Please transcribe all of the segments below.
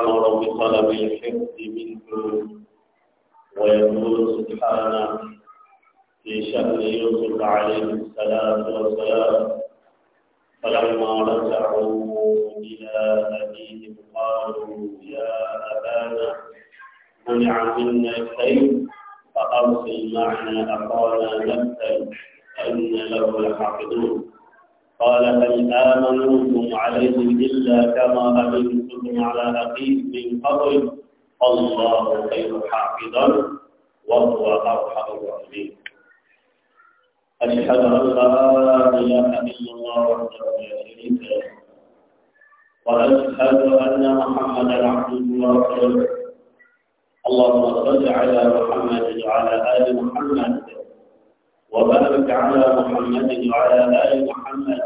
أمر بطلب الحفظ منه ويقول سبحانه في شأن يوسف عليه السلام والسلام فلما رجعوا إلى أبيهم قالوا يا أبانا منع منا الكيل فأرسل معنا أخانا نبتل أن له لحافظون قال هل آمنتم عليه إلا كما أمنتم على أخيه من قبل الله خير حافظا وهو أرحم الراحمين أشهد أن لا إله إلا الله وحده لا شريك له وأشهد أن محمدا عبده ورسوله اللهم صل على محمد وعلى آل محمد وبارك على محمد وعلى آل محمد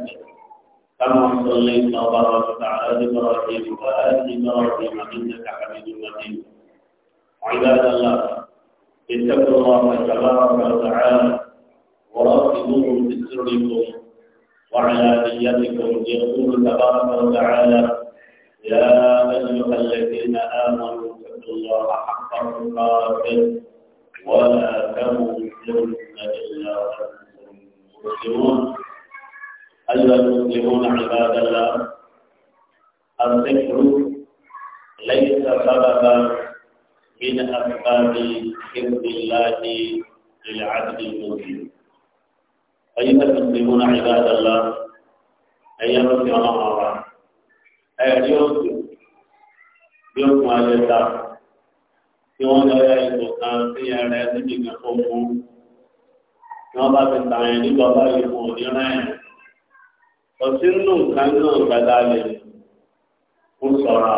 كما صليت وباركت على إبراهيم وآل إبراهيم إنك حميد مجيد عباد الله اتقوا الله تبارك وتعالى وراقبوه في سركم وعلى نيتكم يقول تبارك وتعالى يا أيها الذين آمنوا اتقوا الله حق تقاته ولا تموتن أيها المسلمون عباد الله الذكر ليس سببا من أسباب حفظ الله للعبد المسلم أيها المسلمون عباد الله أيها المسلمون الله أيها اليوم يوم ما يدعى tí wọ́n lọ ya ipò kan sí ẹ̀rẹ́ níbi kan tó mú kí wọ́n bá fi ta yẹn nígbà báyìí fún onírẹ́ yẹn. Ọtí nínú nǹkan náà gbàdá lè kó sọ̀rọ̀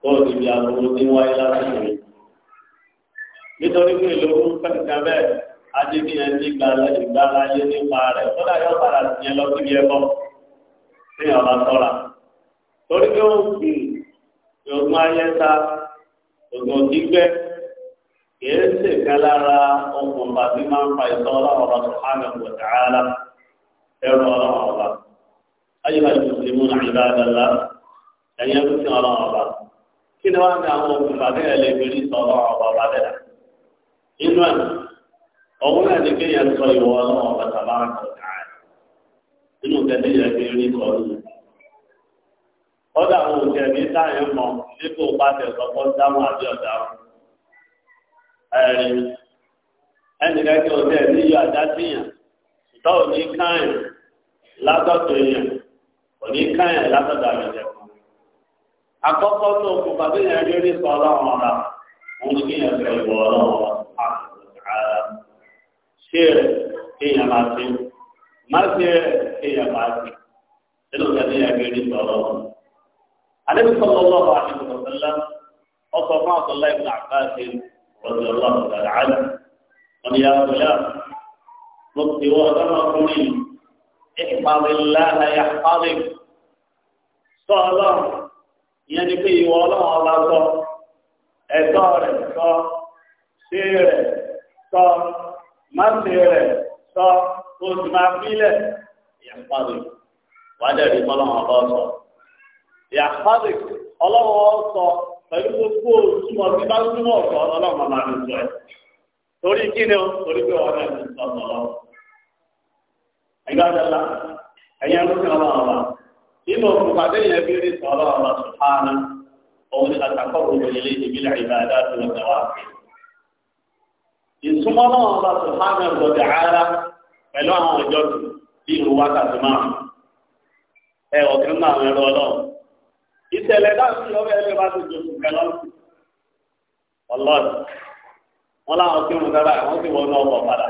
kó o níbi àbúrò ní wáyé lásìkò. Nítorí pé ìlú ń fẹ́ kan bẹ́ẹ̀, adébíyẹn ti gba ìgbàláyé nípa rẹ̀. Kódà yóò padà sí yẹn lọ síbi ẹ̀kọ́ ní ọba sọ́ra. Torí pé ó ń gbìn, ìrònú ayẹta, ògùn òdígbẹ́. kìí ṣe kan lára okùnfà tí máa ń fa ìtọ́ ọlọ́run ọba subhanahu wa ta'ala ẹrù ọba náà ọba kí ni wọ́n á ní àwọn okùnfà tí ẹ̀ lè inú ẹ̀ ọ̀hún náà kéèyàn sọ ìwọ inú yẹn àwọn òkè mi ẹ̀rí ẹnìkan kí o tẹ̀ ní àdásíyàn ìtọ́ ní káyàn látọ̀tọ̀ èèyàn ò káyàn látọ̀tọ̀ àgbẹ̀jẹ̀ kan. tó kù bàbá yẹn rí sọ ọlọ́run ọ̀la òun ní ọlọ́run máa máa rí sọ ọlọ́run. رضي الله تعالى عنه قال يا غلام مطي وغرقني احفظ الله يحفظك صلاة يعني كي ولا على ẹ̀tọ́ sọ ṣe rẹ̀ sọ máṣe rẹ̀ sọ oṣù máa fílẹ̀ ìyàpàdé wàá dẹ̀rí ọlọ́run ọba sọ ìyàpàdé ọlọ́run ọ sọ pẹ̀lú gbogbo òtúmọ̀ tí bá túmọ̀ ọ̀tọ̀ ọlọ́run máa ń sọ ẹ̀. torí kí ni torí pé ọ̀rẹ́ mi sọ ọlọ́run wa nínú yẹn bí rí sọ ọlọ́run wa òun ni àtàkọ́ òun tó ọlọ́run wa ara pẹ̀lú àwọn ọjọ́ máa ọ̀kẹ́ ọlọ́run ìtẹ̀lẹ̀ dáhùn sí ọbẹ̀ ẹlẹ́ bá tó jòkó kẹlọ́ sí ọlọ́ọ̀dù wọn láwọn tí wọn dára wọn sì wọnú ọkọ̀ padà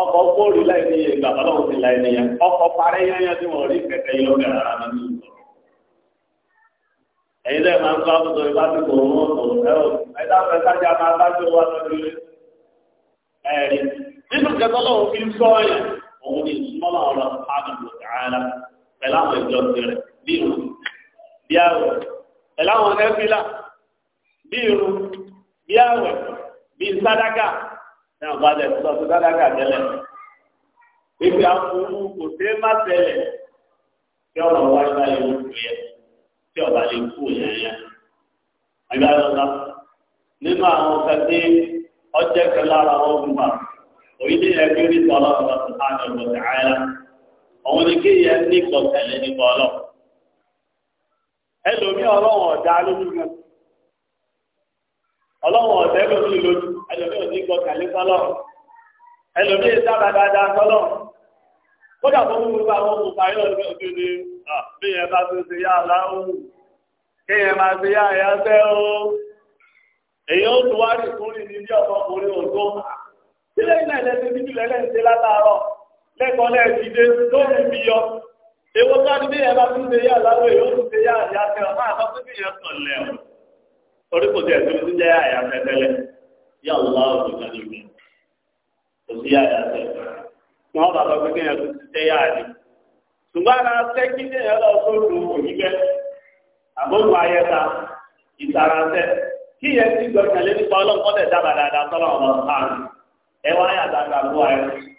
ọkọ̀ kóòrì láì ní iye ìgbà bọ́lá òsì láì ní yẹn ọkọ̀ parí yányá tí wọn rí kẹkẹ yìí lọ́kẹ̀ rárá nínú ìlú ẹ̀yin lẹ́yìn máa ń sọ àbùsọ ìbá ti kò wọ́n kò ẹ ò ẹ̀dá fẹ́ sájà máa bá tó wà lọ́dún bí àwẹ̀ pẹ̀lú àwọn nẹ́fílà bí irun bí àwẹ̀ bí sádákà náà bá lẹ̀ sọ sí sádákà kò má tí ọ̀rọ̀ wáyé bá yẹ tí ọba lè kú yẹn yẹn. àgbà nínú àwọn ní ní ẹlòmí ọlọ́wọ̀n ọ̀dá lójú rẹ̀ ọlọ́wọ̀n ọ̀dá ẹlòmí lójú ẹlòmí òní gbọ́ kàlẹ́ sọ́lọ́ ẹlòmí sábà dáadáa sọ́lọ́ kódà tó ń gbogbo àwọn ọmọ ayé ọ̀dọ́ òkèlè ah, bí yẹn bá tó ṣe yá aláwọ̀ kéèyàn máa ṣe yá ẹ̀yà sẹ́ o èyí ó tún wá rí fún ìdí bí ọmọkùnrin òtó sílẹ̀ ìlànà ẹ̀sìn bíbí lẹ́lẹ́sìn látàárọ̀ lẹ́kọ̀ọ́ lẹ́ẹ̀dídé lórí bí yọ Èwo ká ní bí ẹ̀rọ ya ṣe yá láwọ̀ èyí ó tún ṣe yá àyà tẹ ọ̀ máa tọ́ ya bí ìyẹn sọ̀ lẹ̀ ọ̀. Torí kò ya tó jẹ́ àyà tẹ tẹ́lẹ̀. ọ̀dọ̀ ní Kò sí àyà Wọ́n bá lọ ti jẹ́ yá àdé. Ṣùgbọ́n tẹ́ kí ní ẹ̀rọ tó ayẹta, Kí ìyẹn ti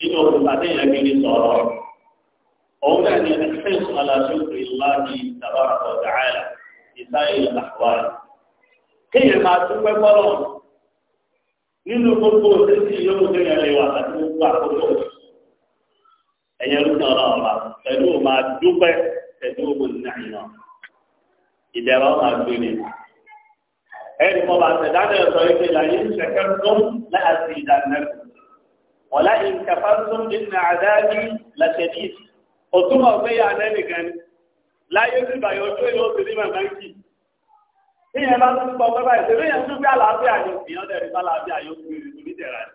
nínú òkúta tí ìyẹn kiri sọ̀rọ̀ òun náà ni ẹ̀fẹ́s aláṣẹ́kù ìlànà ìtàbára ọ̀dà àìlà ìsáyé àwárí. kéèyàn máa dúpẹ́ bọ́lọ̀ nínú gbogbo òṣèṣì yóò tó yẹn lè wà àti gbogbo àkókò ẹ̀yẹ lóṣù ọ̀rọ̀ ọ̀la pẹ̀lú máa dúpẹ́ pẹ̀lú ògùn nàìjíríà ìdẹ̀rọ máa gbé ni ẹni mo bá tẹ̀dá náà sọ ike là yín ṣẹkẹ́ tó láti ìdánilẹ́kọ̀ọ́. ọ̀la ìkàfàtún nínú àdáni làṣẹ̀dí òtún ọ̀gbẹ́ yà lẹ́nìkan láyé nígbà yóò tó yóò tó ní màmá kì í. bí yẹn bá tún gbọ́ pé báyìí ṣèlú yẹn tún bí àlàáfíà yóò fi hàn dẹ̀rí bá àlàáfíà yóò fi rí torí tẹ̀ra rẹ̀.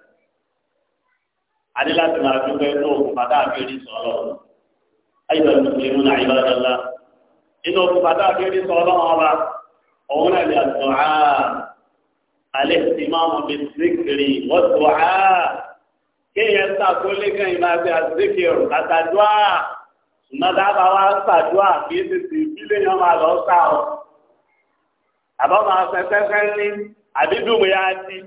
adé láti máa dúpẹ́ tó òkú bàtà àbẹ́rẹ́ sọ̀rọ̀ ayọ̀ ìlú náà ìlú ọ̀dọ́lá inú òkú bàtà àbẹ́rẹ́ sọ̀rọ̀ ọba òun náà lè àtúnṣe àlẹ́ ìsìmáàmù bíi kéèyàn ṣàkólé kan ìmọ̀ àti àdékèrò àtàdúà ìmọ̀dábà wa ṣàdúà kì í ti sì ìbílẹ̀ yẹn máa lọ sá ọ. àbọ̀ máa fẹ́ ní àbídùnmí ya ti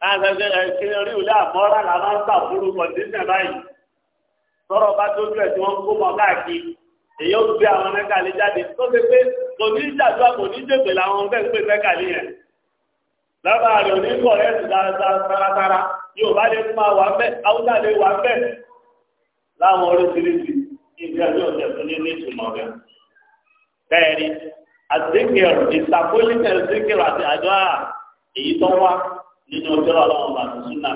láàfẹ́fẹ́ ẹ̀ kí orí ìlú àmọ́ra là máa ń ṣàfúrú kọ̀ǹdíṣẹ̀ báyìí. sọ̀rọ̀ bá tó dúró ẹ̀ tí wọ́n kó mọ káàkiri èyí ó gbé àwọn mẹ́kàlí jáde tó ṣe pé kò ní ìjàdúrà kò ní ìjẹ̀pẹ̀ làwọn pè lábàá rẹ̀ òní kọ̀ yóò bá lè máa wà mẹ́ haúsá wà mẹ́ láwọn oríṣiríṣi ní ìtumọ̀ rẹ̀. bẹ́ẹ̀ni àzíkìrì ìsàkólítẹ̀ àzíkìrì àti àdúrà èyí tó wá nínú ọjọ́ ọlọ́run bá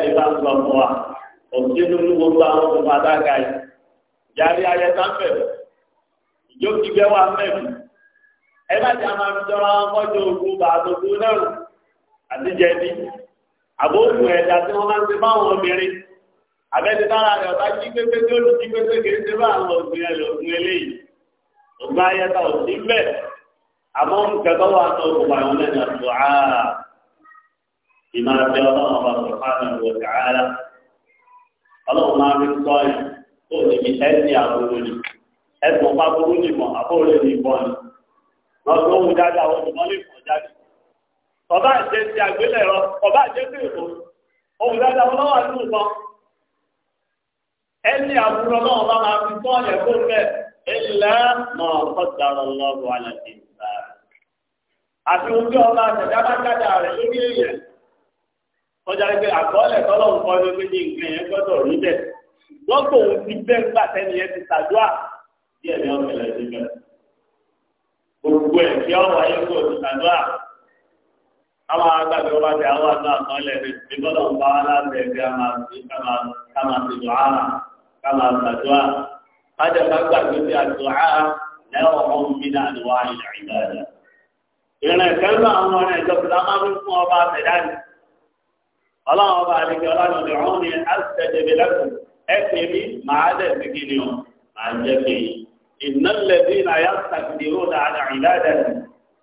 ti sún òṣèlú ní gbogbo àwọn tó máa dága yìí yàrá ayẹ sáfẹ ìjó kígbẹ wà mẹbi ẹ bá jà máa fi jọra ọmọdé ogun bàtò tó lẹrù àti jẹbi àbò òògùn ẹja tí wọn máa ń ṣe báwọn obìnrin àbẹ́ni tára rẹ̀ ọ̀tá jí pépé tí ó lù jí pépé kì í ṣe bá àwọn òògùn ẹ̀ lòògùn eléyìí òògùn ayẹta ò sí bẹ́ẹ̀ àmọ́ nǹkan tó wà ní òògùn àwọn ẹ̀yàn tó á ìmọ̀ àti ọlọ́run ọba sọ̀rọ̀ ọlọ́run máa fi sọ ẹ̀ tó lè fi ẹ̀sìn àbúrò ni ẹ̀sùn ọ̀pá burú nìmọ̀ àbúrò lè nìbọn ni wọ́n tó wù dáadáa wọ́n nìmọ̀ lè pọ̀ jáde. ọba àti ẹsẹ̀ ọba ohun àbúrò máa fi sọ ẹ̀ kó ilẹ̀ ìgbà àti ọba ọjà pé àkọọ́lẹ̀ tọ́lọ́run kọ́ ló pé ní nǹkan yẹn gbọ́dọ̀ rí bẹ́ẹ̀ wọ́n kò ń fi bẹ́ẹ̀ gbà tẹ́ni yẹn ti ṣàdúrà bí ẹ̀mí ọ̀kẹ́lẹ̀ ti bẹ̀rẹ̀ gbogbo ẹ̀ kí ọ̀rọ̀ ayé kò ti ṣàdúrà àwọn agbàgbé wa ti àwọn ń bá wa láti ti dùn kájà bá gbàgbé ti mi náà ni wàá ọlọ́run ọba àdìgbẹ́ ọlọ́run ọdẹ ọ̀hún ni àtẹ̀jẹ̀bẹ̀ lẹ́kùn ẹ pè mí màá dẹ̀ sí kí ni ọ màá jẹ́ pé ìnálẹ̀bí náà yà sàkìdìrò dáadáa ìdáadáa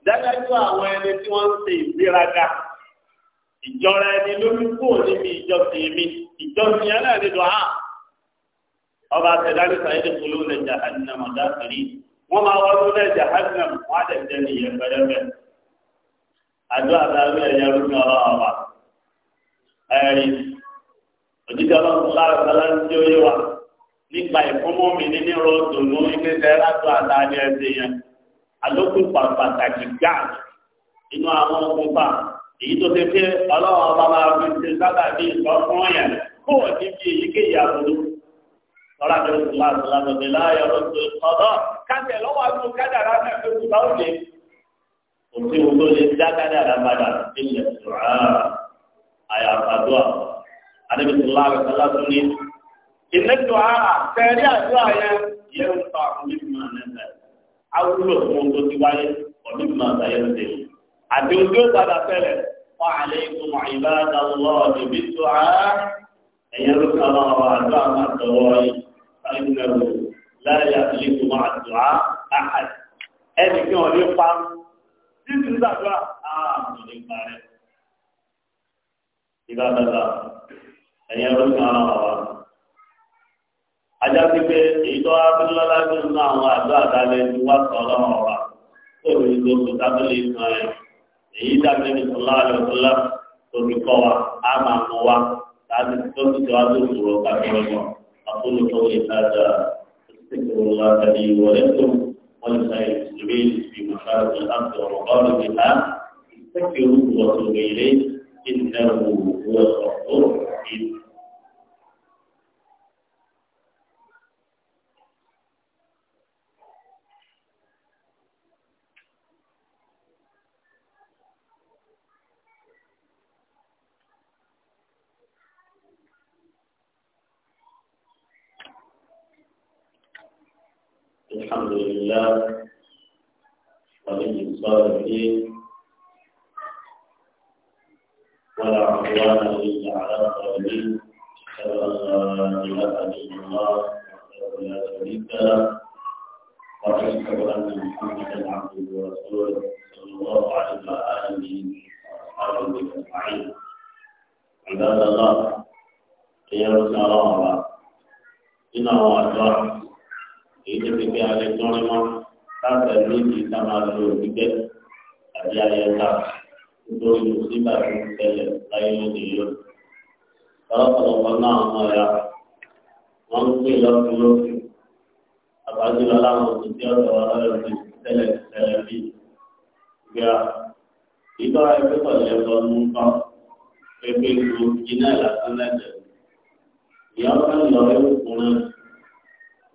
dájú àwọn ẹni tí wọ́n ń ṣe ìgbéraga ìjọra ẹni lórí kúrò níbi ìjọsìn mi ìjọsìn yẹn náà nínú àá ọba àtẹ̀dáni sàyẹ́dì kúló lẹ̀ jahannam ọ̀dà sàrí wọ́n máa wọ́n lẹ̀ jahannam wọ́n á dẹ̀ jẹ́ nìyẹn pẹ́rẹ́pẹ́ àdó àtàlù ẹ̀yẹ lórí ọlọ́ọ̀bà ẹ̀rí òjijì ọlọ́run sára sálá ń tí ó yé wa nípa ìfúnmọ́ mi ní ní rọ́ọ̀dù ní ìgbésẹ̀ látọ̀ àtàdé ẹsẹ̀ yẹn alókùn pàtàkì gáà inú àwọn okùnfà èyí tó ti pé ọlọ́run ọba máa fi ṣe sábà bí ìtọ́ fún yẹn kó o ti fi èyíkéyìí àbúrò tọ́lá tó ti máa tó lánàá mi láàyò lọ́sọ̀ ọ̀dọ́ kájẹ lọ́wọ́ àti kádàrá náà fi kú báwọn lè òfin wo ló lè dá kádàrá padà nílẹ̀ sùúrù àyàfàdúà adébísọ̀lá àgbàlá tó ní ìlẹ́tọ̀ ara kẹrí àdúrà yẹn yẹn ń fa onímọ̀ nẹ́fẹ̀ awúlò fún oṣù tí wáyé onímọ̀ àtàyẹ̀ ń tẹ̀ àti ojú ó padà fẹ́rẹ̀ fún àlẹ́ ikú mọ̀ ìbáradà lọ́wọ́ níbi tó ara ẹ̀yẹ ló ká máa wà àdúrà máa tọwọ́ yìí ẹ̀yìnlẹ́wò láyé àtìlẹ́kùn máa dùá àhàd ẹnì kí wọ́n ní pa títí sàdúrà ààbò nípa rẹ̀ ìgbà dada ẹ̀yin ẹ̀rọ ní ara wa. ajá pípé èyí tó wá fún lọ́lá tó ń ná àwọn àdó àdálẹ́ ní wá sọ ọlọ́run wa tó rí tó tó tábìlì ìtàn rẹ̀ èyí dàbí ní sọlá àlọ́sọlá tó fi kọ́ wa á máa mọ wa láti tó ti tó wá tó sòrò kájọ lọ أقول قولي هذا أستغفر الله لي ولكم ولسائر المسلمين في مشارق الأرض ومغاربها استغفروه وتوبوا إليه إنه هو الغفور الرحيم الحمد لله ولي الصالحين إلا على قوله أشهد أن لا إله إلا الله وحده لا شريك له وأشهد أن محمدا عبده ورسوله صلى الله عليه وآله وأصحابه أجمعين عباد الله أيها الأخوة إنه أشرف إذا في عليكم ما هذا الذي تمارسه بك أبي أيها nítorí mùsùlùmí àti ìṣẹ̀lẹ̀ láyé lóde yìí. ọ̀pọ̀lọpọ̀ náà mọ̀ ya wọ́n ń pè lọ́sùn lókè àbájúlọ láwọn òṣìṣẹ́ ọ̀dọ̀ ọlọ́run ti tẹ́lẹ̀ tẹ́lẹ̀ bí gbéra. ìtọ́ra ẹgbẹ́ pẹ̀lú ẹ̀kọ́ ń tán pépé lu iná ìlàsán lẹ́jẹ̀. ìyá ọ̀sán lọ rí òkúnrán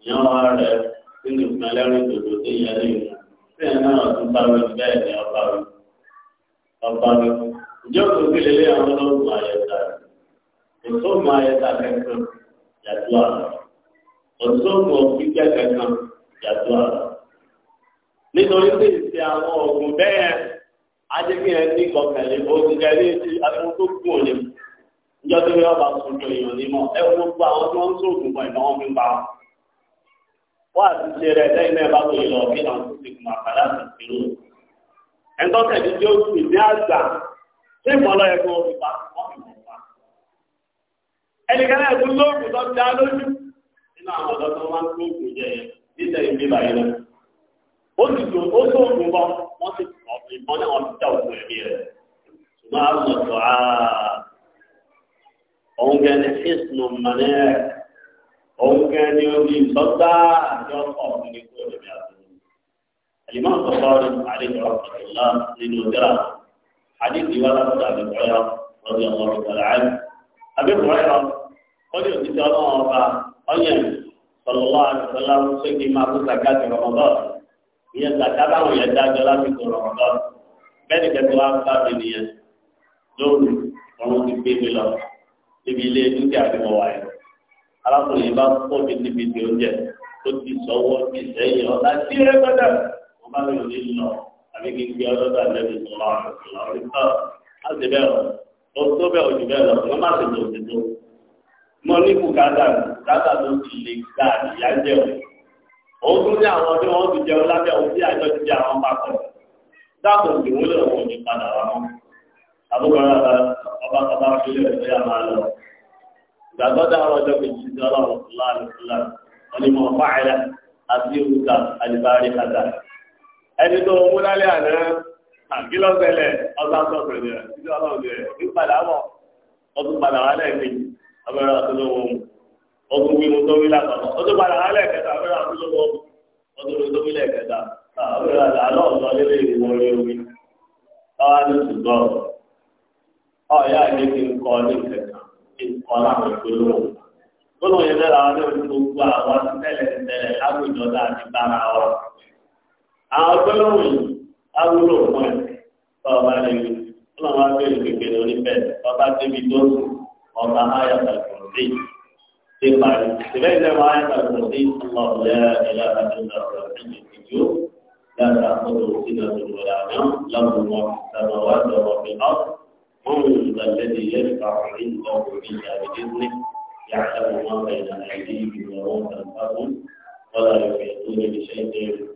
ìyá wa rẹ̀ sínú ìpínlẹ̀ rìn tòdò tó yẹ lẹ́yìn. bẹ́ẹ̀ náà tún bá wí bẹ́ẹ̀ ni ọba wí ọba ni ìjọ kò sí lélẹ̀ àwọn ọlọ́run àyẹ̀dá ètò ọmọ àyẹ̀dá kankan yàtọ̀ àlọ́ ọ̀tún ọmọ gbígbẹ́ kankan yàtọ̀ àlọ́ nítorí pé ìṣe àwọn ọ̀gùn bẹ́ẹ̀ adébíyẹn ní kọkànlé ogun kẹlẹ́ ti aṣọ tó kù òní ìjọ tó yọ ọba tuntun èèyàn ní mọ ẹ wọ́n gbọ́ àwọn tí wọ́n ń sóògùn pọ̀ ìnáwó fi ń pa wọ́n àti ṣe rẹ̀ lẹ́yìn náà bá tó yẹ lọ kí tó ti kùn àkàlà àti ìṣirò ẹ̀tọ́ tẹ̀lé tí ó sì ní àgbà tí ìmọ̀lá ẹ̀kọ́ òfìfà ọ̀fìfà. ẹnìkan ẹ̀kú lóògùn tó dá lójú nínú àwọn ọ̀dọ́ tó máa ń tó ògùn jẹ nílẹ̀ ìgbé báyìí lọ. ó sì tó ó tó ògùn bọ́ wọ́n sì ìbọn náà wọ́n ti dá ògùn ẹ̀mí rẹ̀. ṣùgbọ́n a sọ tó a òun ni fíìsì mọ̀nẹ́ òun ni omi ìtọ́ta àjọ ọ̀gbìn الإمام البخاري عليه رحمة الله للوزراء حديث رواية أبي هريرة رضي الله تعالى عنه أبي هريرة قال يؤتي الله أن صلى الله عليه وسلم سيدي ما في زكاة رمضان هي زكاة ويزاد لا في رمضان bẹ́ẹ̀ni kẹtọ́ wa ń bá mi nìyẹn lóru ọ̀run ti gbé mi lọ níbi ilé dúkìá tí mo wà yẹn alákùnrin bá pọ̀ mo bá mi ní lọ àbí kí n gbé ọlọ́dọ̀ àlẹ́bí tó lọ àwọn ìṣòro àwọn ìṣòro á sì bẹ́ẹ̀ lọ ó tó bẹ́ẹ̀ bẹ́ẹ̀ lọ má sì tó ní tó ti lè gba ìyá jẹ o tún ní àwọn tí wọn ti lábẹ́ tí àjọ ti jẹ àwọn dáàbò ní padà mọ́ ọba kọba ẹni tó owó lálẹ́ àná àbí lọ́sẹ̀lẹ̀ ọ̀sán sọ̀tẹ̀ rẹ̀ títí ọlọ́run rẹ̀ ní padà bọ̀ ọdún padà wà lẹ́ẹ̀kejì abẹ́rẹ́ àtúnlọ́wọ́ ọdún wíwọ́n tó ọdún padà wà lẹ́ẹ̀kẹta abẹ́rẹ́ ọdún lẹ́ẹ̀kẹta abẹ́rẹ́ àlọ́ ọ̀sán omi ní ń ní ìkẹta ìkọ́ láwọn àwọn gbólóhùn yìí awúlò fún ẹ bàbá rẹ ni wọn máa bẹ ìgbèkè lórí bẹ́ẹ̀ bàbá débi tó sùn ọba ayàtà kùnfì ti parí ìbẹ́ ìlẹ́wọ̀ ayàtà kùnfì ọ̀lẹ́ ìlànà ìlànà ìlànà ìjọ lára àkọ́tò sínú àdúgbò àná lábùmọ̀ sábà wà lọ́wọ́ mi náà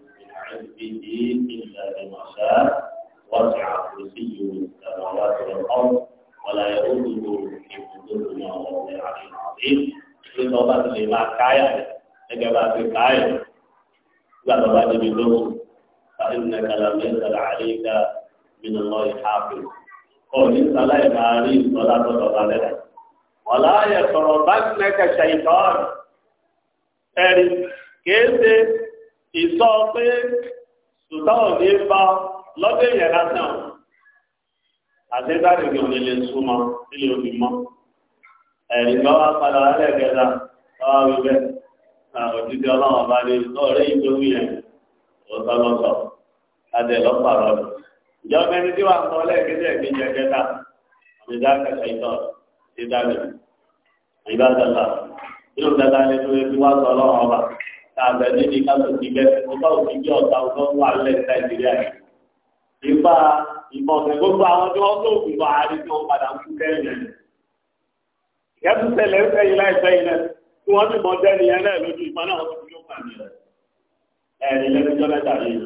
عبده إلا بما شاء وسع كرسيه السماوات والأرض ولا يؤوده حفظهما وهو العلي العظيم في صوبات الإمام كايا إجابات كايا بعد بعد بدون فإنك لم يزل عليك من الله حافظ قول صلاة ماري صلاة صلاة ولا يقربنك شيطان أري كيف ìsọ pé sùtá ò ní bá lọ́dẹ̀ yẹn lásán àtẹ́tàrí kò ní lè súnmọ́ nílé òbí mọ́ ẹ̀rí bá wá padà wálẹ̀ kẹta báwa wí bẹ́ẹ̀ òtítí ọlọ́run bá lè lọ́ọ̀rẹ́ ìgbéwù yẹn òótọ́ lọ́sọ̀ adẹ lọ́pàá rẹ̀ ìjọba ẹni tí wàá kọ́ lẹ́ẹ̀kẹ́tẹ̀ ìgbéjẹ kẹta ìdá kẹta ìtọ́ ìdá mi ìbá dàda nínú dàda ni tó yẹ sọ ọlọ́run ọba kàbẹ níbi kátó ti bẹ ọba òfin bí ọta ọgbọ́n wà lẹ nàìjíríà yìí ipa ìmọ̀ ọ̀sẹ̀ gbogbo àwọn tí wọ́n tó òkú bá a rí padà ń kú kẹ́yìn ìyẹ́tù tẹ̀lẹ̀ ń fẹ́yìn láìpẹ́ yìí náà tí wọ́n ti mọ dẹ́ni yẹn náà lójú ìpá náà wọ́n ti fi ó pàmì rẹ̀ ẹ̀rí lẹ́nu jọ́ mẹ́ta yìí.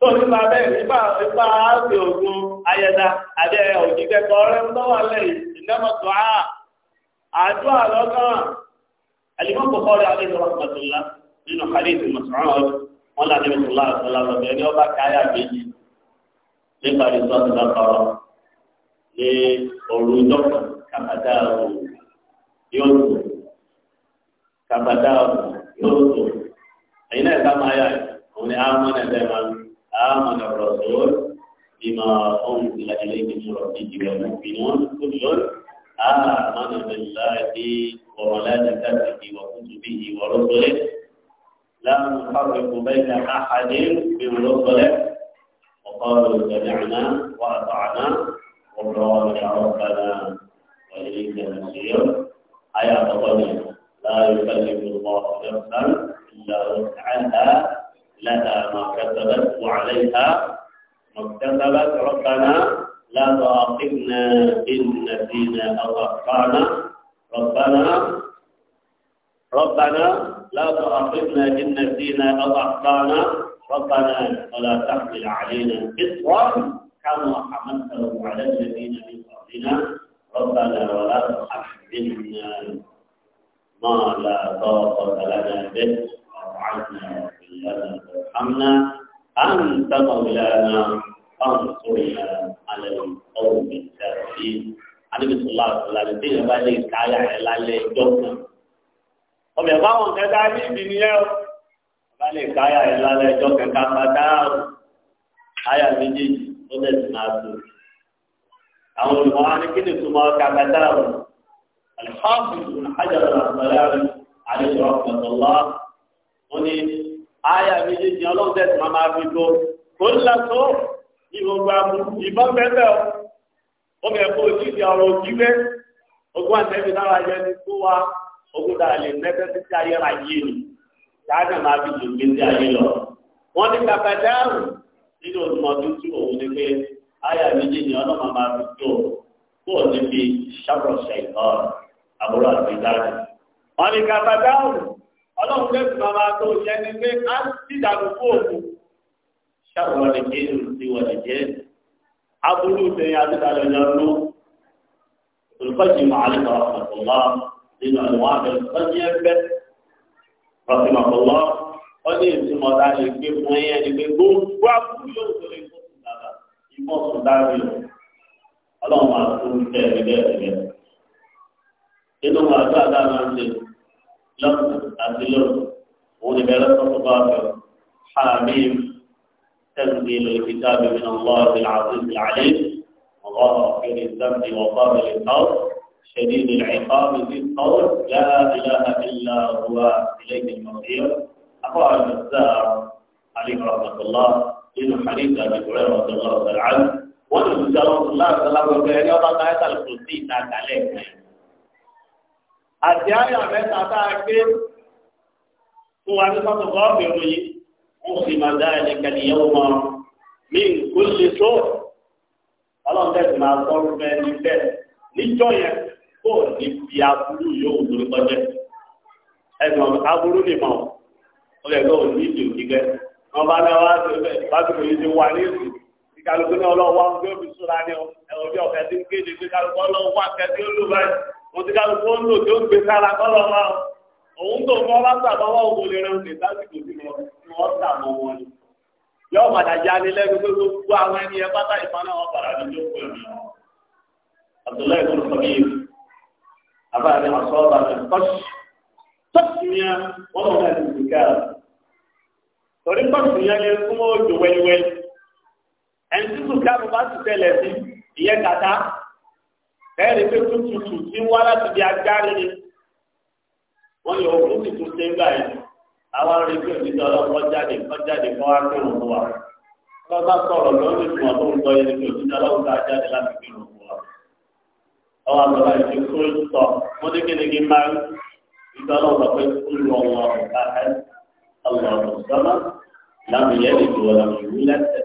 tó nípa bẹ́ẹ̀ nípa nípa àti ògùn ayẹta àti òjìkẹ́kọ̀ọ́ rẹ̀ ń lọ́wọ́ lẹ́yìn ìdẹ́mọ̀tò àdúrà lọ́gán àlìmọ́ kòkòrò àlejò rẹ̀ pàtó ńlá nínú hadith Mas'ud wọn là níbi sọlá àtàlà lọ́dọ̀ ẹni ọba káyà méjì nípa ìsọ́ọ̀tì lápárọ̀ ní òru dọ́kà kàbàdà òru yóò tó kàbàdà òru yóò tó ẹ̀yin náà ká máa yà òun ni àmọ́ náà bẹ́ẹ̀ máa àmọ́ náà rọ̀ sọ́ọ́ bímọ ọ̀hún ìlà ilé ìgbìmọ̀ rọ̀ ìjìyà mọ̀gbìnà tó lọ́rọ̀. آمن بالله وملائكته وكتبه ورسله نفرق بين أحد من رسله وقالوا سمعنا وأطعنا يا ربنا وإليك المصير أي قوية لا يكلف الله نفسا إلا وسعها لها ما كسبت وعليها ما اكتسبت ربنا لا تؤاخذنا إن نسينا أو أخطأنا ربنا ربنا لا تؤاخذنا إن نسينا أو أخطأنا ربنا ولا تحمل علينا إصرا كما حملته على الذين من قبلنا ربنا ولا تحملنا ما لا طاقة لنا به وعنا واغفر لنا وارحمنا أنت مولانا فانصرنا على القوم الكافرين النبي صلى الله عليه وسلم قال لي تعالى على الله ọmọ ẹ̀fọ́ àwọn kẹta ní ìbí nìyẹn o bá lè ka ayà yẹn lálẹ́ ẹjọ́ kẹta padà o ayà méjèèjì ó lẹ̀ sí máa tó àwọn olùkọ́ wa ní kí ni tó máa ka kẹta o alihamdulilayi alhajjara alayhi alayhi wa rahmatulah wọn ni ayà méjèèjì ọlọ́run tẹ̀sí máa máa fi tó kó ńlá tó ìgbọ̀ngbà ìbọn bẹ́ẹ̀ bẹ́ẹ̀ o ọmọ òjì ogúdà lè mẹ́tẹ́ sí ti ayé ra yé ni káàkà máa fi jù mí sí ayé lọ. wọ́n ní kàkà dáhùn nínú olùmọ̀tún tí òun ní pé ayé àmìjì ni ọlọ́mọ máa fi tó kó o ní fi ṣàkóso ìtọ́ àbúrò àti ìdájọ́. wọ́n ní kàkà dáhùn ọlọ́run lè fún ọmọ tó yẹ ni pé á ti dàgbù fún òkú. ṣàkóso ìdíje ti wọlé jẹ́ abúlé ìdíje àti ìdájọ́ ìjọba nínú àwọn àbẹ̀rẹ̀ tó ní ẹgbẹ́ rọ̀tìmọ̀kọ̀lọ́ ó ní ìtumọ̀ tá a lè gbé fún ẹyẹ ni pé gbogbo àbúrò yóò tó lè fún sùdàdà ìmọ̀ sùdàdà ọlọ́run máa tó ń tẹ̀ ẹ́ bẹ́ẹ̀ bẹ́ẹ̀. nínú àdúrà tá a máa ń ṣe lọ́sùn àti lọ́sùn òun ni bẹ́ẹ̀ lọ́sùn tó bá fẹ́ حاميم تنزيل الكتاب من الله العزيز العليم وغفر الذنب وقابل الأرض شديد العقاب في القول لا إله إلا هو إليه المصير أخوة المزار عليه رحمة الله إنه حديث أبي هريرة رضي الله تعالى عنه وأن رسول الله صلى الله عليه وسلم يقول أن آية, آية, آية, آية. الكرسي تعالى عليك àti àyà تعالى أكيد هو gbé fún wa ní sọ́tò kọ́ọ̀bì ròyìn mo sì الله dá الله kẹ́niyẹ́wò mọ́ mi الله lè tó ọlọ́run kó o ní fi aburú yóò wúlò kọjá ẹnu aburú ni mọ o lè lọ òní ìdè òkìkẹ wọn bá náà wá sí ọbẹ lásìkò yìí ti wà ní ìlú ìkàlùkù náà lọ wá ọgbẹ òbí súra ni ọ ẹwọ bí ọkẹ ti ń kéde pé kálukọ lọ wá kẹsí ó lù báyìí mo ti kálukú ó ń lò tó ń gbé sára kọ lọ máa òun tó fọ bá gbà lọ́wọ́ òun lè rẹ òun lásìkò tí wọn tà wọn ni yọ padà já ni lẹ́nu pé gbogbo àwọn ẹni ẹ pátá ìfọ náà wọn padà ní tó pẹ̀lú Abdullahi kò lọ sọ abáyé wọn sọ ọba rẹ kọsí tọ́sí yẹn wọn lọ náà lùdì káà torí tọ́sí yẹn ni súnmọ́ òjò wẹ́lúwẹ́lú ẹni tí sùkà mi bá ti tẹ̀lẹ̀ sí ìyẹn kàtá ẹ̀rí pé tútùtù tí wọ́n láti di agbárí ni wọ́n yọ òkú ti tún ṣe ń gbà yìí àwọn arìnrìn òjijì ọlọ́pàá jáde kọ́ jáde kọ́ wá pé òun wà wọ́n bá sọ̀rọ̀ lọ́wọ́ ìtumọ̀ tó ń sọ yẹn ní òjijì ọlọ́pàá jáde láti pé òun ọwọ́ àgbàlá ìfi kúrò sọ wọ́n ní kíni kí n máa ìgbà lọ́wọ́ sọ pé kúrò ọ̀wọ́ ọ̀gáhẹ́ ọlọ́wọ́ sọ́mà lámìyẹ́ lè ju wọ́n lámìyẹ́ wí lẹ́sẹ̀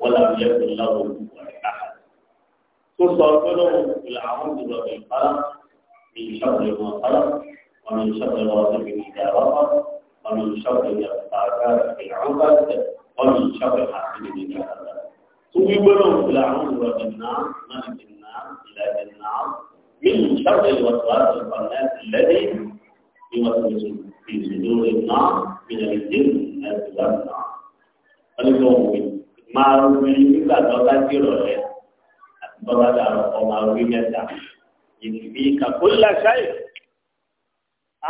wọ́n lámìyẹ́ kò láwọ́ ọ̀gáhẹ́. tó sọ pé lóhùn ìlà àwọn ìdúró ìfara ní ìṣàkóso ìwọ̀n fara wọn ní ìṣàkóso ìwọ̀n fara wọn ní ìṣàkóso tóbi gbọ́dọ̀ fìlà àwọn ìwà jìnnà náà jìnnà ìlà jìnnà nínú ìṣàkóso ìwàsùwà àtọ̀fà náà ti lẹ́dí ìwàsùwàsù ìṣòro ìná ìlànà ìdílé náà ti wà nà. ọlọ́dún ọ̀hún máa ń wí nígbà tó bá jírọ̀ rẹ̀ àti tó bá dà ọ̀ máa wí mẹ́ta. ìfìbí kàkólà ṣáì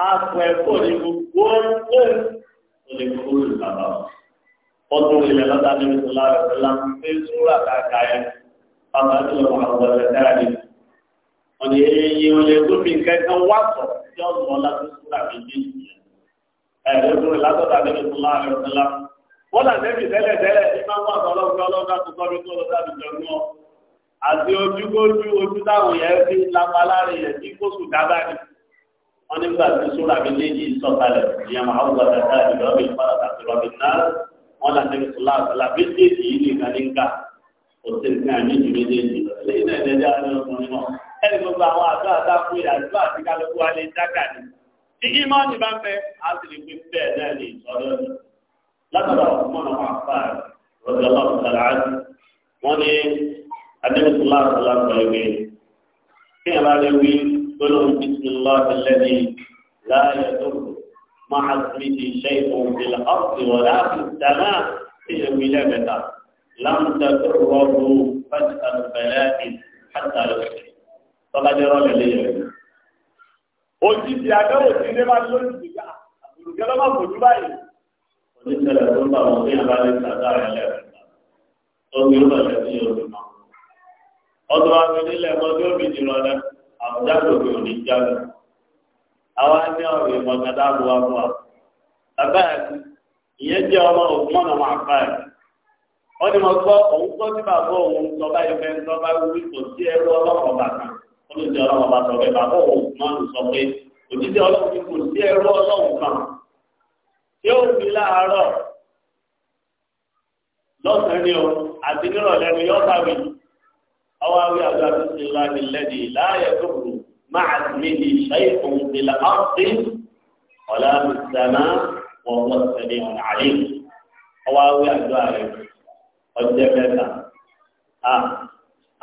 àpò ẹ̀kọ́ ní gbogbo ọ̀hún tó lè kó lù bàbá wọn ọdún ilẹ̀ lọ́dà níbi tó lára rẹ̀ lánàá pé súrà kàkà yẹn bàbá tó lọ àwọn ọ̀rẹ́ dára ni. ọ̀nà èyí ò lè tó fi nǹkan kan wá sọ tí ó lọ láti súrà méjì yẹn. ẹ̀rọ ìdúró látọ̀dà níbi tó lára rẹ̀ lánàá. wọ́n là nẹ́bi tẹ́lẹ̀ tẹ́lẹ̀ ní máa ń wà lọ́wọ́ ọlọ́dà tó tọ́ mi tó lọ́dà mi jọ mọ́. àti ojúkójú ojú táwọn yẹn fi lápá láre yẹn tí kò sùn dábàá ni. wọ́n nígbà wọn là nẹbi sọlá àgbàlá méjèèjì yìí nìkan ní nǹka kò sí nǹkan méjì méjèèjì lẹ́yìn náà ẹdẹdẹ àwọn ọkùnrin náà ẹni gbogbo àwọn àdó àdá fún ìyàtọ̀ àti kálukú wa lè dáka ni tí ìmọ̀ọ́nì bá ń bẹ á sì lè fi bẹ́ẹ̀ náà lè sọ̀rọ̀ ni látọ̀dọ̀ ọ̀gbọ́n àwọn àfà rọ̀jò ọlọ́ọ̀tàlá wọn ni adébí sọlá àgbàlá sọ ìwé kí ẹ bá lè wí gbọ́dọ̀ bísí lọ́ọ̀tẹ̀lẹ́ni máa fi ti ṣe òǹdè ọ̀sìn wọ̀lá ìdáná sí ìwé lẹ́mẹ̀ta láǹtà tó rọ́ọ̀rù fẹ́ta bẹ̀rẹ̀ ìhàtàlẹ̀ tọ́lájẹ́ rọ́ọ̀lẹ̀ lẹ́yìn rẹ̀. òjijì àdáwò sí ilé máa lórí ìgbà àbùrùkẹ́ lọ́mọ fojú báyìí. oníṣẹ́lẹ̀ tó ń bá wọn bí abáyé sàdá rẹ̀ lẹ́ẹ̀mẹ́ta àwa ní ọ̀rọ̀ ìmọ̀gàdá àbúwá fún wa. bàbá ẹ̀kú ìyẹn jẹ́ ọmọ ògbọ́n ọmọ àpá ẹ̀. wọ́n ní mo gbọ́ òun tó ní bàbá òun sọ báyìí fẹ́ sọ bá wí kò sí ẹrú ọlọ́kọ̀ọ́ bàtà ó ló jẹ́ ọlọ́kọ̀ọ́ bàtà ọ̀bẹ bàbá òun máa ń sọ pé òjijì ọlọ́run kò sí ẹrú ọlọ́run kan tí ó fi láàárọ̀ lọ́sàn-án ni o àti nírọ̀lẹ́ ni yọ́ọ̀bá ọwọ́ àwí àgbà tó ti lá láàyè tó kù مع اسمه شيء في الأرض ولا في السماء وهو السميع العليم هو أوي أدواره ọjẹmẹta a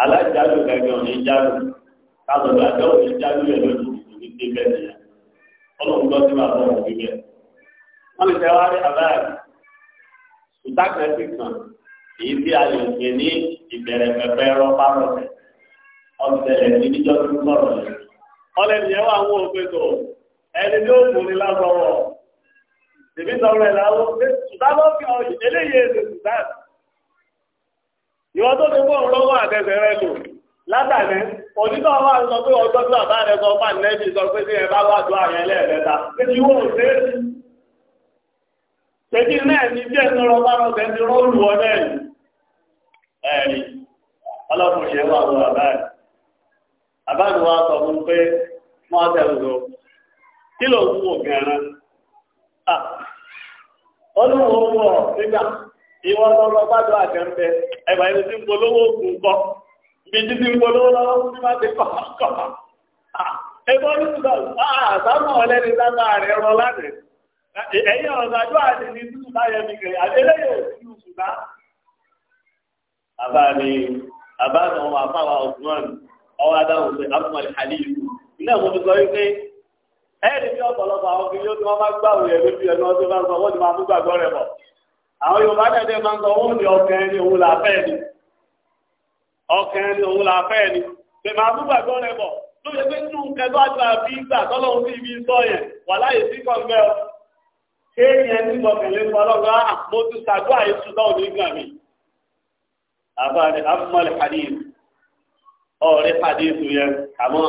alájálù gẹ́gẹ́ òní jálù káàdùn àjọ òní jálù rẹ lójú òní dé bẹ́ẹ̀ nìyẹn Ọlọ́run gbọ́ sí bàbá òun bí bẹ́ẹ̀ wọn lè fẹ́ wá rí abáyà ìtàkùnẹsì kan èyí tí a lè pè ní ìbẹ̀rẹ̀ pẹpẹ rọpárọsẹ ọsẹlẹ ní níjọ tó ń sọ̀rọ̀ yẹn ọlẹ́ nìyẹn wà wọ́n òfin ẹni ní lásọ̀wọ̀ tèmi sọ̀rọ̀ ẹ̀ láwọ́ ṣùgbọ́n ló fi ọ̀yìn eléyìí èdè ṣùgbọ́n ìwọ́n tó ti fún ọlọ́wọ́ àtẹ̀sẹ̀ rẹ lò látàní òdìdó ọwọ́ àti sọ pé ọjọ́ tó àbá rẹ sọ fún ànẹ́bí sọ pé sí ẹ bá wà tó àyẹ̀ lẹ́ẹ̀mẹ́ta tèmi wò ṣe é tèmi náà ní bí ẹnu rọ bá rọ tẹ̀mí rọ́ọ̀lù ọ náà ẹ̀rí ọlọ́kùnrin kí ló ń wò gẹ̀rẹ́ ọlọ́wọ́ wọ̀ nígbà ìwọ lọ́rọ̀ gbádùn àjẹ́ńbẹ́ ẹ̀bà ẹni tí ń polówó ògùn kọ́ ń polówó lọ́wọ́ tí ti ẹgbọ́n ní ọlẹ́ni rẹ̀ rọ ẹ̀yìn àti ní tútù mi kẹ̀yà mi mi ọmọ àfáwà ọ̀gbọ́n ọwọ́ ẹ̀rí ní ọ̀pọ̀lọpọ̀ àwọn kìí yóò tí wọ́n bá gbàwò yẹn lójú ẹ̀ náà tó bá ń sọ wọ́n ti máa mú gbàgbọ́ rẹ̀ bọ̀. àwọn Yorùbá dẹ̀dẹ̀ máa ń sọ wọ́n ní ọkàn ẹni òun là fẹ́ ni ọkàn ẹni òun là fẹ́ ni pè máa mú gbàgbọ́ rẹ̀ bọ̀ tó yẹ pé nínú kẹgbẹ́ àti àbí gbà tọ́lọ́hún sí ibi sọ yẹn wà láyé sí kọ́ńgbẹ́ ọ. kéèyàn ní gbọ̀kẹ̀lé fọlọ́gbà mo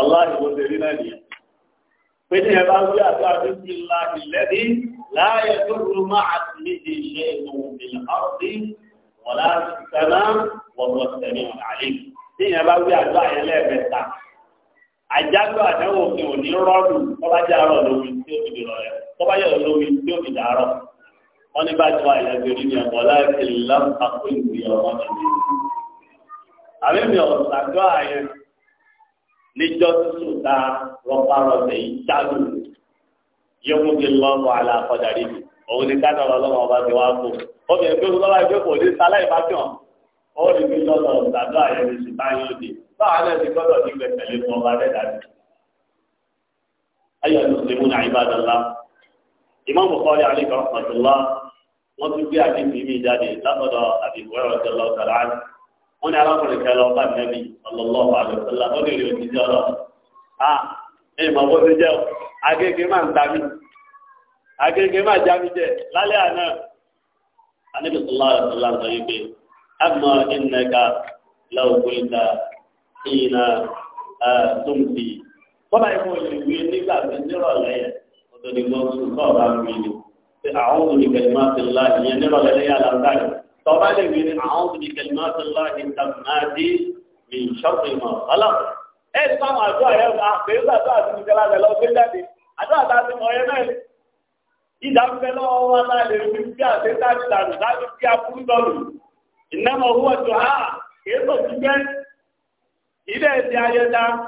ọláàdì ló ṣe rí náà nìyẹn pé ní ẹ̀bá wí àti àdúgbò láti lẹ́bí láàyè tó rú máa ti ní ti ṣe ìwọ̀n ìlú ọ̀sí wọ́n láti sẹ́nà wọ́n lọ sẹ́ni àlè ní ẹ̀bá wí àti àyè lẹ́ẹ̀mẹ́ta àjálù àdánwò fi hàn ní rọ́ọ̀lù tó bá jẹ́ àárọ̀ lómi tí ó fi di rọ̀lẹ́ níjọ́ tuntun ta rọpárọsẹ̀ yìí dálù yẹ́wù ti lọ́wọ́ aláfọ̀dà rí mi òun ni dáná ọlọ́wọ́ ọba ti wá kó obìnrin tó lọ́wọ́ ìjókòó ní sáláì bá tàn ó rí mi lọ́dọ̀ ọ̀dàdọ́ àyẹ̀wò sí báyọ̀ dé báwa náà ti gbọ́dọ̀ ní gbẹ̀tẹ̀lé fún ọba rẹ̀ dàbí. ayọ̀ mùsùlùmí náà ìbàdàn lá ìmọ̀ bùkọ́lé alẹ́ kan pàtó lá wọ́n tún gbé àdébìí mi jáde látọ̀dọ̀ àbí wọ́n ní arákùnrin kan lọ bá nẹ́bí sallallahu alaihi wasallam ó lè rí òjijì ọlọ́ à ní nígbà ni àwọn máa ti tọ́ba lè wí ní àwọn òbí kẹlẹ́mọ́tò láti tàbí ní ṣọ́ọ̀tì mọ̀ ọ̀lá. ẹ ti máa máa dúró àyẹ̀wò àpèjọ àti àti ìjọba rẹ̀ lọ sí jáde àdúrà tá a ti mọ̀ ẹ́ náà ni. ìdàgbẹ́ lọ́wọ́ wa náà lè wí bí àti táàbí tàbí láti fi akúrú dọ́lù. ìnáwó owó ayẹta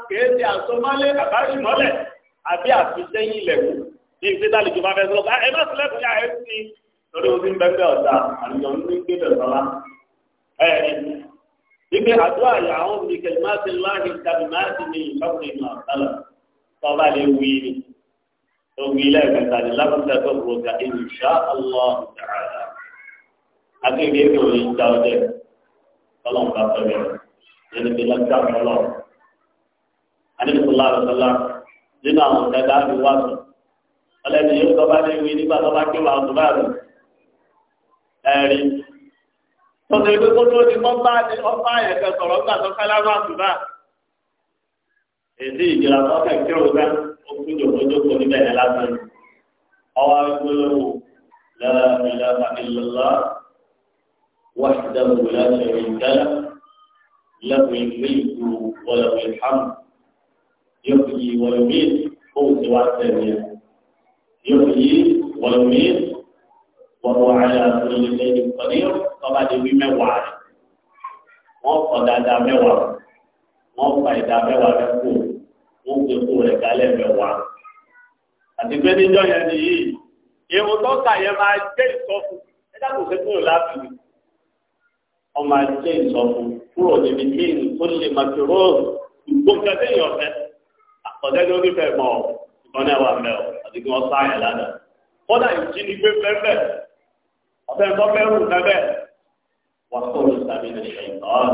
kìí ti àsomálé àbáṣùmọ́lẹ̀ àbí àfisẹ́yìn ilẹ̀kùn ní ìgbésàlejò máa fẹ́ sọ ah, torí o ti ń bẹ́ẹ̀ ọ̀dà àlùyọ̀ ń gbé bẹ̀rẹ̀ sọ́lá. ẹ̀ẹ́dì wípé àdúrà yà àwọn olùkẹ́lì máa ti láàyè tàbí máa ti ní ìfọ́kùnrin náà sálà tọ́ba lè wí ni tó wí lẹ́ẹ̀kẹta ní lábùkà tó kúrò ká insha Allah ta'ala. akéde èké òye ń já ọdẹ ọlọ́run bá sọ yẹn yẹn ti lọ́jà ọlọ́ àdébùsọ̀lá àbẹ̀sọ̀lá nínú àwọn ọ̀gá dáàbì wá sùn ọlẹ́ni yóò tọ́ba lè wí nígbà tọ́ba kí wàá tó báyìí ẹ̀rí. Tọ́sí ìgbé kó tó ti mọ́bá ni ọba ẹ̀kẹ́ sọ̀rọ̀ gbà tó fẹ́lá máa tù bá. Èdè ìjìlá tó fẹ́ kí òun náà ó kú jòkójókó níbẹ̀ ní lásán. Ọwọ́ agbélówó lẹ́la ìlànà ìlọ́lá wàhídàwó lẹ́la ìjẹ́lá lẹ́la ìgbéyìí wọlé ìhàmù. Yọ̀kì wọ̀lùmí òun ti wá sẹ́yìn. Yọ̀kì wọ̀lùmí وهو على كل شيء قدير طبعا دي ميوا wọ́n kọ dáadáa mẹ́wàá wọ́n fa ìdá mẹ́wàá rẹ̀ kú wọ́n fi kú rẹ̀ kálẹ̀ mẹ́wàá. àti pé níjọ́ yẹn nìyí irun tó kà yẹn máa jẹ́ ìsọfún ẹ̀dá kò sí kúrò láàfin wọ́n máa jẹ́ ìsọfún kúrò níbi tí ìlú lè máa fi róòlù gbogbo ẹgbẹ́ yìí ọ̀fẹ́ ọ̀dẹ́ ló ní fẹ́ mọ́ ìbọn ọ̀sẹ̀ tó fẹ́ rù kẹ́bẹ̀ wà tó lù tàbí lè ṣe ìtọ́n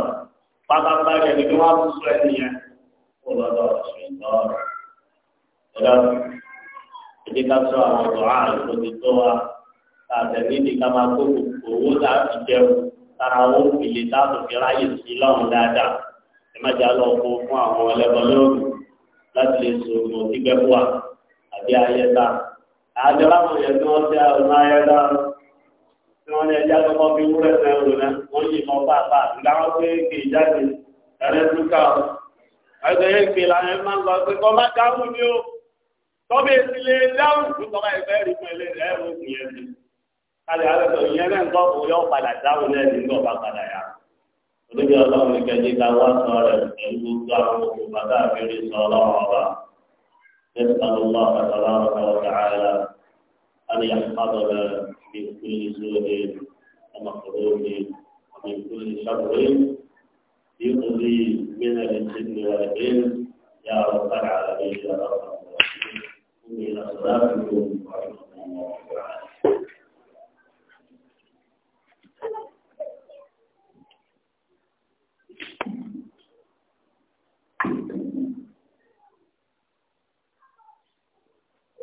pátápátá yẹn ni kí wọ́n tún sọ ẹni yẹn kó lọ́dọ̀ ṣe ìtọ́n. ẹ̀dá ìdí ká sọ àwọn ọ̀dọ́ àrùn tó ti tó wa tàbí nídìí ká máa kó owó láti jẹun tara owó fìlè láti fi ráyè sí lọ́run dáadáa ẹ má jà lọ kó fún àwọn ẹlẹ́bọn lóògùn láti lè sòrò ìgbẹ́fọ́ àbí ayẹta àjọ láwọn yẹn tí wọ́n tẹ àwọn ayẹta wọn ní ẹja tó kọ́ fi wúrẹ́ fẹ́ rò náà wọ́n yìí mọ pàpà ìdáwọ́ pé kì í jáde ẹ̀rẹ́ túkà o. ẹgbẹ́ yẹn pè làwọn máa ń lọ pé kọ́ bá dáhùn ní o tọ́bí èsì lè dáhùn tó kọ́ bá ìfẹ́ rí fún ẹlẹ́ ẹ̀rọ òkú yẹn ti. kálí ìyẹn náà ń kọ́ kó yọ padà dáhùn náà ní ìgbọ̀ padà yá. olójú ọlọ́run ìkẹjì ta wá sọ rẹ̀ pẹ̀lú من كل سوء ومكروه ومن كل شر يقضي من الجن والإنس يا رب العالمين يا رب العالمين إلى صلاتكم ورحمة الله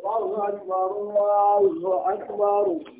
وبركاته الله أكبر الله أكبر